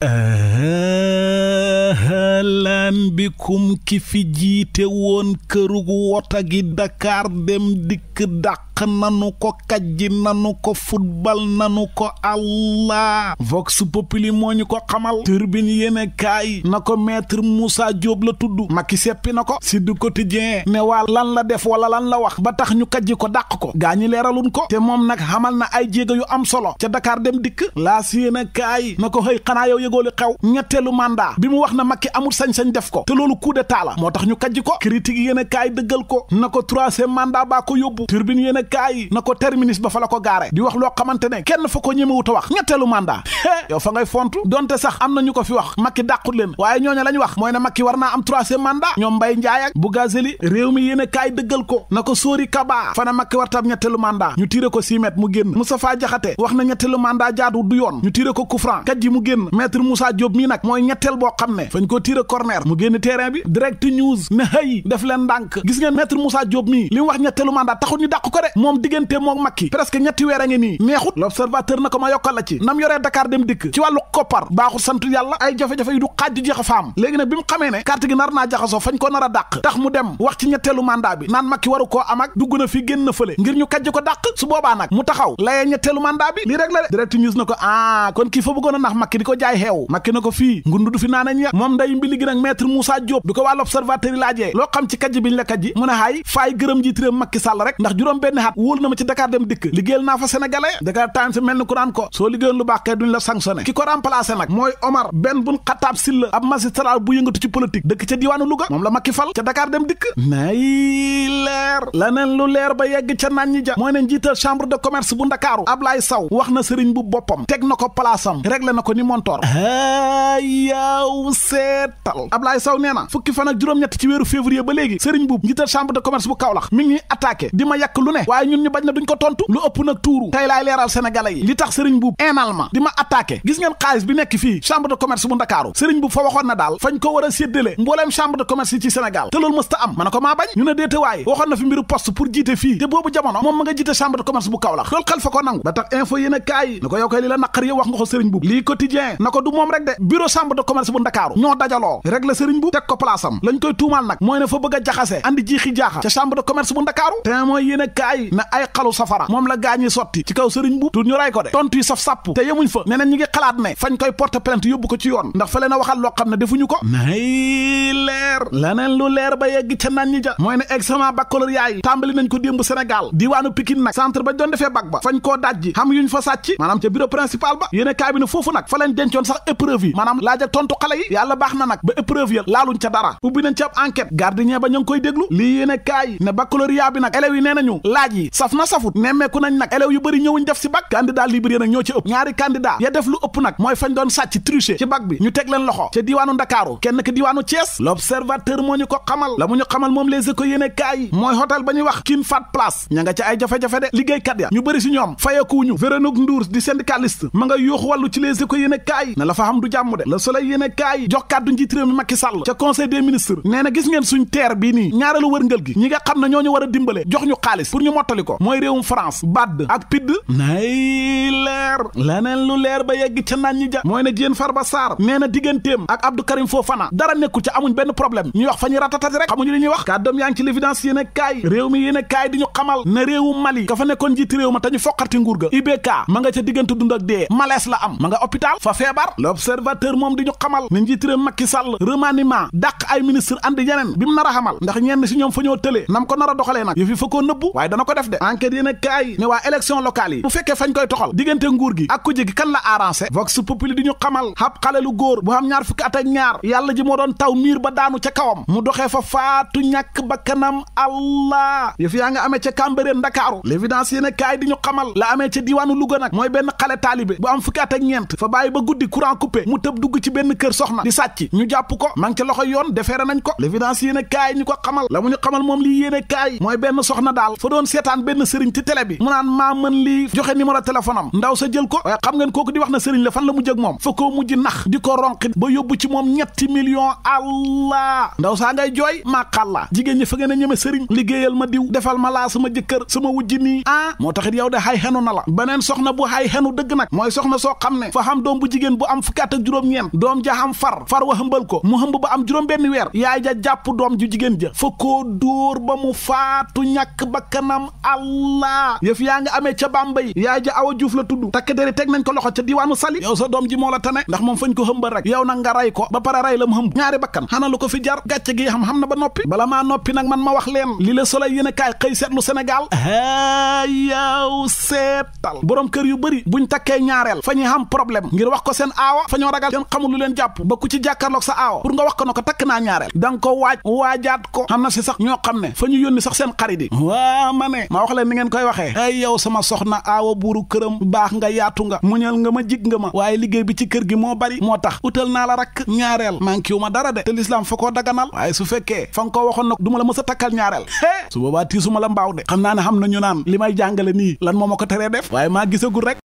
lan bikum ki fi jiite woon kërug wota gi Dakar dem dikk dàq dàq nanu ko kajji nanu ko football nanu ko allah vox populi moo ñu ko xamal turbine yéene kaay na ko maître Moussa jóob la tudd Macky seppi na ko si du quotidien ne waa lan la def wala lan la wax ba tax ñu kajji ko dàq ko gaa ñi leeraluñ ko te moom nag xamal na ay jéego yu am solo ca dakaar dem dikk laas yéene kaay na ko xëy xanaa yow yëgooli xew ñetteelu mandat bi mu wax na Macky amul sañ-sañ def ko te loolu coup d'état la moo tax ñu kajj ko critique yéene kaay dëggal ko na ko troisième mandat baa ko yóbbu turbine yéene kaay na ko terminus ba fa la ko gaare di wax loo xamante ne kenn fa ko ñemewut a wax ñetteelu mandat yow fa ngay fontu donte sax am na ñu ko fi wax Macky dàqut leen waaye ñooñu la ñu wax mooy ne Macky war naa am troisième mandat ñoom Mbaye Ndiaye ak Bougazeli réew mi yéen a kaay dëggal ko na ko Sori Kaba fa ne Macky war tam ñetteelu mandat ñu tiire ko simet mu génn Moustapha Diakhaté wax na ñetteelu mandat jaadu du yoon ñu tiire ko Koufran kat ji mu génn maître Moussa Diop mii nag mooy ñetteel boo xam ne fañ ko tiire corner mu génn terrain bi direct news ne hëy def leen ndànk gis ngeen maître Moussa Diop mii li mu wax ñetteelu mandat ñu dàq ko de moom diggante moo Macky presque ñetti weer a ngi nii neexut l'observateur na ko ma yokkal la ci nam yoree Dakar dem dikk ci wàllu koppar baaxul sant yàlla ay jafe-jafe yu du xaaj jeex a faam léegi na bi mu xamee ne carte gi nar naa jaxasoo fañ ko nar a dàq tax mu dem wax ci ñetteelu mandat bi naan Macky waru ko am ak dugg na fi génn na fële ngir ñu kajj ko dàq su boobaa nag mu taxaw layee ñetteelu mandat bi lii rek la de direct news na ko ah kon kii fa a nax Macky ko jaay xeew Macky ko fii ngund du fi naa nañ ya moom nday loo xam ci kajj biñ la kajji mu ne ndax juróom benn junni xat wóolu na ma ci Dakar dem dikk liggéeyal naa fa sénégalais Dakar Times mel ni ku naan ko soo liggéeyal lu baax kay duñ la sanctionné ki ko remplacé nag mooy Omar Ben Boun Khattab Sylla ab magistrat bu yëngatu ci politique dëkk ca diwaanu Louga moom la Macky fal ca Dakar dem dikk nay leer laneen lu leer ba yegg ca naan ñi ja mooy ne njiital chambre de commerce bu Ndakaaru Ablaye Sow wax na sëriñ bu boppam teg na ko palaasam réglé na ko ni montoor ayaw seetal Ablaye Sow nee na fukki fan ak juróom-ñett ci weeru février ba léegi sëriñ bu njiital chambre de commerce bu Kaolack mi ngi attaqué di ma yàq lu ne waaye ñun ñu bañ na duñ ko tontu lu ëpp nag tuuru tey leeral sénégalais yi li tax sëriñ buub énalement di ma attaqué gis ngeen xaalis bi nekk fii chambre de bu ndakaaru sëriñ buub fa waxoon na daal fañ ko war a séddale mbooleem chambre yi ci sénégal te loolu mës ta am ma ne ko maa bañ ñu ne déete waxoon na fi mbiru poste pour jiite fii te boobu jamono moom ma nga jiite chambre de commerce bu Kaolack loolu xel fa ko nangu ba tax info yéen a kaay a jaxase andi jiixi jaaxa ca chambre de tey ne ay xalu safara moom la gaa ñi sotti ci kaw sëriñ bu tur ñu ray ko de tontu yi saf sàpp te yemuñ fa neneen ñi ngi xalaat ne fañ koy porte plainte yóbbu ko ci yoon ndax fa leen a waxal loo xam ne defuñu ko nay leer leneen lu leer ba yegg ca naan ñi ja mooy ne examen baccalauréat yi tàmbali nañ ko démb Sénégal diwaanu Pikine nag centre ba doon defee bac ba fañ koo dajji xam yuñ fa sàcc maanaam ca bureau principal ba yéene kaay bi ne foofu nag fa leen dencoon saf na safut nemmeeku nañ nag élèves yu bëri ñëwuñ def si bac candidat libre nag ñoo ci ëpp ñaari candidat ya def lu ëpp nag mooy fañ doon sàcc tricher ci bac bi ñu teg leen loxo ca diiwaanu ndakaaru kenn ki diiwaanu Thiès l'observateur moo ñu ko xamal la mu ñu xamal moom les écoles yéene kaay mooy hôtel ba ñuy wax King Fahd Place ña nga ca ay jafe-jafe de liggéeykat ya ñu bëri si ñoom fayeekuwuñu Véronique Ndour di syndicaliste ma yuux wàllu a dimbale jox ñu mottali ko mooy réewum France badd ak pidd nay leer laneen lu leer ba yegg ca naan ñi ja mooy ne Diène Farba Sarr nee na digganteem ak Abdou Karim Fofana dara nekkul ca amuñ benn problème ñuy wax fa ñuy ratatati rek xamuñu li ñuy wax kàddoom yaa ngi ci l'évidence yéen a kaay réew mi yéen a kaay di ñu xamal ne réewu Mali ka fa nekkoon jiiti réew ma te ñu foqarti nguur ga IBK ma nga ca diggante dund ak dee malaise la am ma nga hôpital fa feebar l'observateur moom di ñu xamal ne njiiti réew Macky Sall remaniement dàq ay ministre andi yeneen bi mu nar a xamal si ñoom fa ñoo a doxalee nag ko def de enquête yéen a kaay waa élection locale yi bu fekkee fañ koy toxal diggante nguur gi ak ku jigi kan la arrangé vox di ñu xamal xab xale lu góor bu am ñaar fukki at ñaar yàlla ji moo doon taw miir ba daanu ca kawam mu doxee fa faatu ñàkk bakkanam allah yëf yaa nga amee ca Cambérène Ndakaaru l'évidence yéen a kaay di ñu xamal la amee ca diiwaanu Louga nag mooy benn xale taalibe bu am fukki at ak ñeent fa bàyyi ba guddi courant coupé mu a a seetaan benn sëriñ ci télé bi mu naan maa mën lii joxe numéro téléphone am ndaw sa jël ko waaye xam ngeen kooku di wax na sëriñ la fan la mu ak moom fa koo mujj nax di ko ronqi ba yóbbu ci moom ñetti million allah ndaw saa ngay jooy maaqàllaa jigéen ñi fa ngeen a ñeme sëriñ liggéeyal ma diw defal ma laa sama jëkkër sama wujji nii ah moo taxit yow de xay xenu na la beneen soxna bu xay xenu dëgg nag mooy soxna soo xam ne fa xam doom bu jigéen bu am fu ak juróom-ñeent doom ja am far far wa hëmbal ko mu hëmb ba am juróom benn weer yaay ja jàpp doom ju jigéen ja fa koo ba mu faatu ñàkk bakkanam allah yëf yaa nga amee ca Bambey yaay ja Awa Juuf la tudd takkadéri teg nañ ko loxo ca diiwaanu sali yow sa doom ji moo la tane ndax moom fañ ko hëmbal rek yow nag nga ray ko ba pare ray la mu hëmb ñaari bakkan xana lu ko fi jar gàcce gi xam-xam na ba noppi bala maa noppi nag man ma wax leen li la Soleil yéen a kaay xëy seetlu Sénégal a yow seetal boroom kër yu bëri ñu takkee ñaareel fa ñuy xam problème ngir wax ko seen aawa fa ñoo ragal kenn xamul leen jàpp ba ku ci sa aawa pour nga wax ko na ko takk naa ñaareel danga ko waaj waajaat ko xam na si sax ñoo xam ne fa ñu yónni sax seen xarit amee ma wax la ni ngeen koy waxee ay yow sama soxna aawa buuru këram baax nga yaatu nga muñal nga ma jig nga ma waaye liggéey bi ci kër gi moo bari moo tax utal naa la rakk ñaareel manqué wu ma dara de te lislaam fa koo daganal waaye su fekkee fa nga ko waxoon nag duma la mës a takkal ñaareel su boobaa tiisuma la mbaaw de xam naa ne xam na naan li may jàngale nii lan moo ma ko teree def waaye maa gisagul rek